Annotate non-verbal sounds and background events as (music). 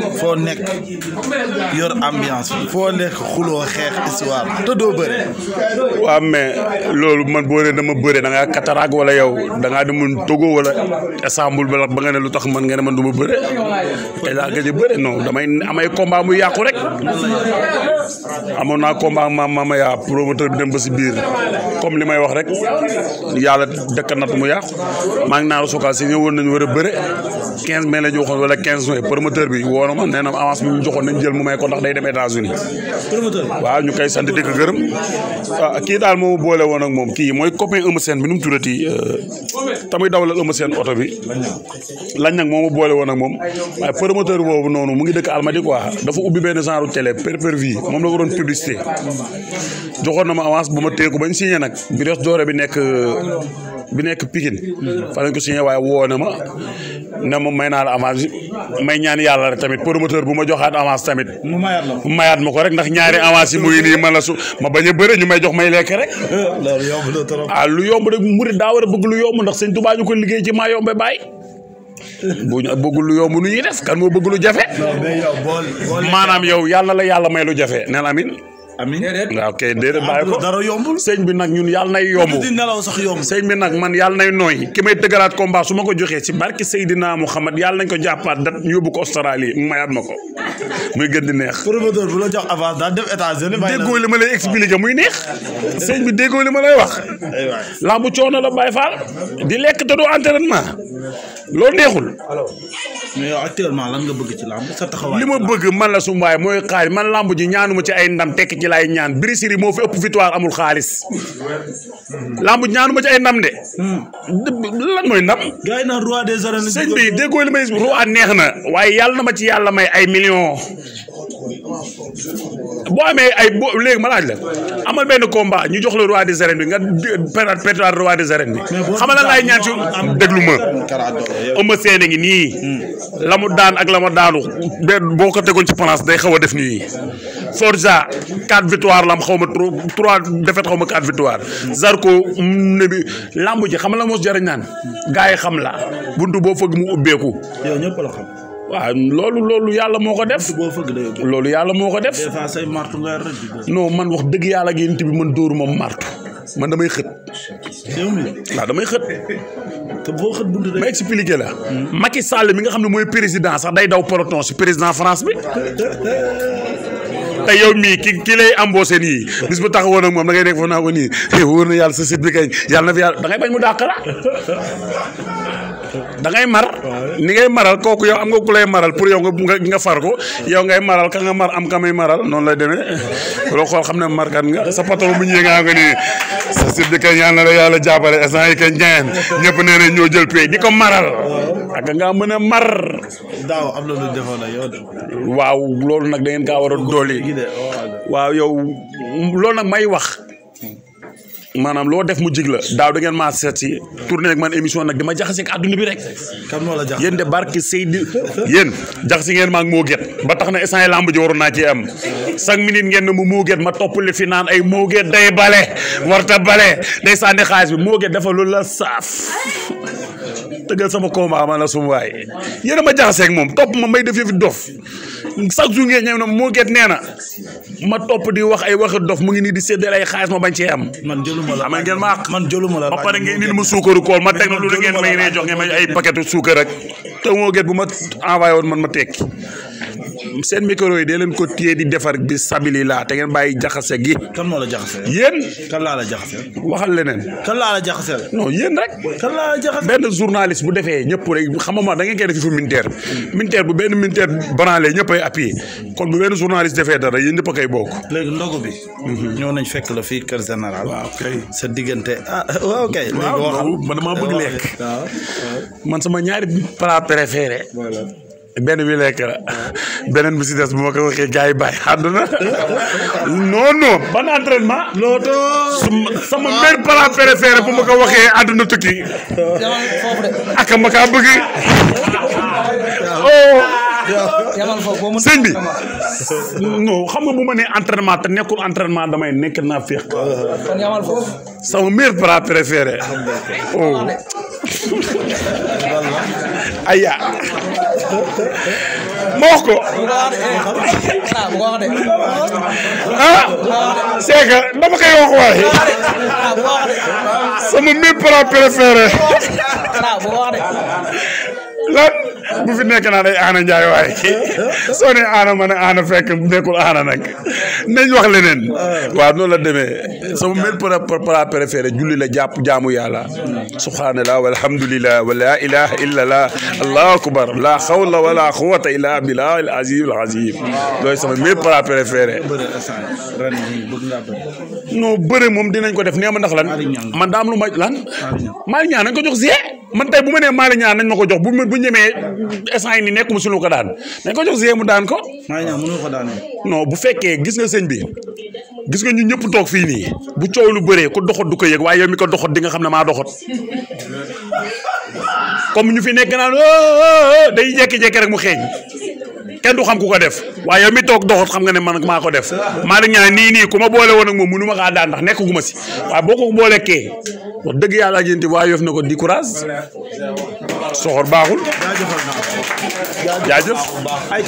foo nekk yor ambiance foo nekk xuloo xeex histoire te doo bëre. waaw mais loolu man boo nee dama bëre da ngaa kataraag wala yow danga ngaa demoon Togo wala Istanbul ba nga lu tax man nga ne man du ma bëre te laa gëj a bëre non damay amay combat muy yàqu rek amoon naa combat ma yaa promoteur bi dem ba si biir. comme li may wax rek yàlla dëkk nat mu yàqu maa ngi naaru soka si ñëwoon nañu war a bëre quinze mai la ñu waxoon wala quinze mai promoteur bi woona ma nee na avance bi mu joxoon nañ jël mu may ko day dem États-Unis waaw ñu koy sant di ko gërëm ah kii daal moom boole woon ak moom kii mooy copain Eumeu Sène bi nu mu tuddati euh, tamuy dawlal Eumeu Sène oto bi lañ nag moom boole woon ak moom waaye promoteur boobu noonu mu ngi dëkk Almadi quoi dafa ubbi benn genre télé perpervi moom la ko doon publicité joxoon na ma avance ba ma téeku bañ signé nag nag Brioche Dorée bi nekk bi nekk Pikine fa lañ ko signé waaye woo na ma ma may naa la avance may ñaan yàlla rek tamit promoteur bu ma joxaat avance tamit. mu mayaat ma ko rek ndax ñaari avance yi muy nii man la su ma bañ a bëre ñu may jox may lekk rek. loolu yomb na trop. ah lu yomb rek murid daa war a bëgg lu yomb ndax sëñ Tuubaa ñu ko liggéey ci maa yombe bàyyi. bu ñu bëggul lu yomb nu ñuy def kan moo bëgg lu jafe. maanaam yow yàlla la yàlla may lu jafe neen amin amiin déedéet waaw ah, kay déedéet bàyyi ko ah, dara yombul sëñ bi nag ñun yàlla nay yomb di bi nag man yàlla nay nooy ki may tëgalaat combat su ma ko joxee si barke Seydina Mouhamad yàlla nañ ko jàppaat dat yóbbu ko Australie mayaat ma ko muy gën di neex promoteur bu la jox avance daal def états ma lay expliqué muy neex sëñ bi déggoo li ma lay wax lamb coono la Baye Fall di lekk te du ma loolu neexul mais yow actuellement lan nga bëgg ci làmb sa taxawaay. li ma bëgg man la sumbaay mooy xaalis man làmb ji ñaanuma ci ay ndam tekki ci laay ñaan Biri Siri moo fi ëpp victoire amul xaalis. làmb ji ñaanuma ci ay ndam de. Hmm. lan mooy ndam. gars yi naan roi des arènes. sëñ bi déggoo li may roi neex na waaye yàlla na ma ci yàlla may ay millions. boo amee ay bo léegi ma laaj la amal benn combat ñu jox la roi des arènes bi nga perte perte roi des arènes bi xam nga laay ñaan ci déglu ma Eumeu Sène ngi nii la daan ak la ma daanu boo ko tegoon ci place day xaw a def nii Forza quatre victoire la am xaw ma trois défaite xaw ma quatre victoire Zarko mm, ne bi lamb ji xam la mos jëriñ naan gars yi xam la buntu boo fëgg mu ubbeeku waaw loolu loolu yàlla moo ko def. loolu yàlla moo ko def. non man wax dëgg yàlla ak yént bi man dóoruma martu man damay xët. waaw damay xët. te boo xët buntu ma expliqué la. Macky Sall mi nga xam ne mooy président sax day daw peloton si président France bi. te yow mii ki ki lay embauché nii bis bu taxawoon ak moom da ngay nekk foofu naa ko nii (laughs) wóor na yàlla sa site bi kañ yàlla na fi yàlla da ngay bañ mu dàq la. da ngay mar ni ngay maral kooku yow am nga ku lay maral pour yow nga nga far ko yow ngay maral ka nga mar am ka maral noonu lay demee loo xool xam ne markat nga sa patron bu ñëwee nga nga sa sib di kañ yal na la yàlla jàppale instant yi kañ ñaen ñëpp nee na ñoo jël pay di ko maral ak nga mën a mar daaw am na lu waaw loolu nag da ngeen kaa war a dooli waaw yow loolu na may wax maanaam loo def mu jig la daaw da ngeen maa seet si tourné ak man émission nag dama jaxase ak àdduna bi rek. kan moo la jaxase yéen de barke ngeen ma ak get ba tax na instant yi lamb ji waroon naa ci am cinq minutes ngeen ne mu moo get ma topp li fi naan ay moo get day bale warta bale day sànni xaalis bi moo get dafa loolu la saaf. tëggal sama combat man la suma waay yéen a ma jaxaseeg moom topp ma may def fi dof chaque jour ngeen ñëw na moo get nee na ma topp di wax ay waxi dof mu ngi nii di séddale ay xaalis ma bañ cee am. man jëluma la man ma la ba pare ngeen indi ma suukaru kool ma teg na lu ngeen may nee jox ngeen ay paquetu suukar rek te moo get bu ma envoyé woon man ma tekki. seen micro yi dee leen ko téye di defar bi sabili laa te ngeen bàyyi jaxase gi. kan moo la jaxase. yéen. kan laa la jaxase. waxal leneen. kan laa la jaxase. non yéen rek. benn journaliste bu defee ñëpp rek xam ma da ngeen koy def fu militaire. militaire bu benn militaire branlé ñëpp ay appuyé kon bu benn journaliste defee dara yéen ñëpp a koy bokk. léegi ndogu bi. ñëw nañ fekk la fii kër général. waaw kay sa diggante ah ma kay. léegi waxal man bëgg lekk. man sama ñaari plat préféré. benn bi lekk la beneen bi si des bu ma ko waxee gars yi bàyyi àdduna non ban entraînement. loolu sama meilleur plat préféré bu ma ko waxee àdduna tukki ak kaa bëgg oh. bi non xam nga bu ma nee entraînement te nekkul entraînement damay nekk naa féex. sama meilleur plat préféré oh. (laughs) ayya ma wax ko ah c'est que dama koy wax waaye sama mille plats préférés lan bu fi nekk naa day aana njaay waaye soo ne aana ma ne aana fekk nekkul aana nag nañ wax leneen waaw noonu la demee sama mel plat préféré julli la jàpp jaamu yàlla subhanallah walhamdulillah wa la ilaha illa allah allahu akbar la hawla wala quwwata illa billah al azim al azim looy sama mel plat préféré non moom dinañ ko def nee ma ndax lan man daam lu ma lan maa ko jox zie man tey bu ma nee Malick Niang nañ ma ko jox bu bu ñemee instant yi nii nekkuma si lu ko daan nañ ko jox mu daan ko. Malick Niang mënul ko daanee. non bu fekkee gis nga sëñ bi gis nga ñu ñëpp toog fii nii bu coow lu bëree ko doxot du ko yëg waaye yow mi ko doxot di nga xam ne maa doxot comme ñu fi nekk naan oh, oh, oh, day jékki-jékki rek mu xeeñ. kenn du xam ku ko def waaye yow mi toog doxut xam nga ne man maa ko def Malick Niang nii nii ku ma boole woon ak moom mënu ma kaa daan ndax nekk gu ma si waaye boo ko boolee kee wax dëgg yàlla ak yéen waa yof na ko di courage soxor baaxul jaajëf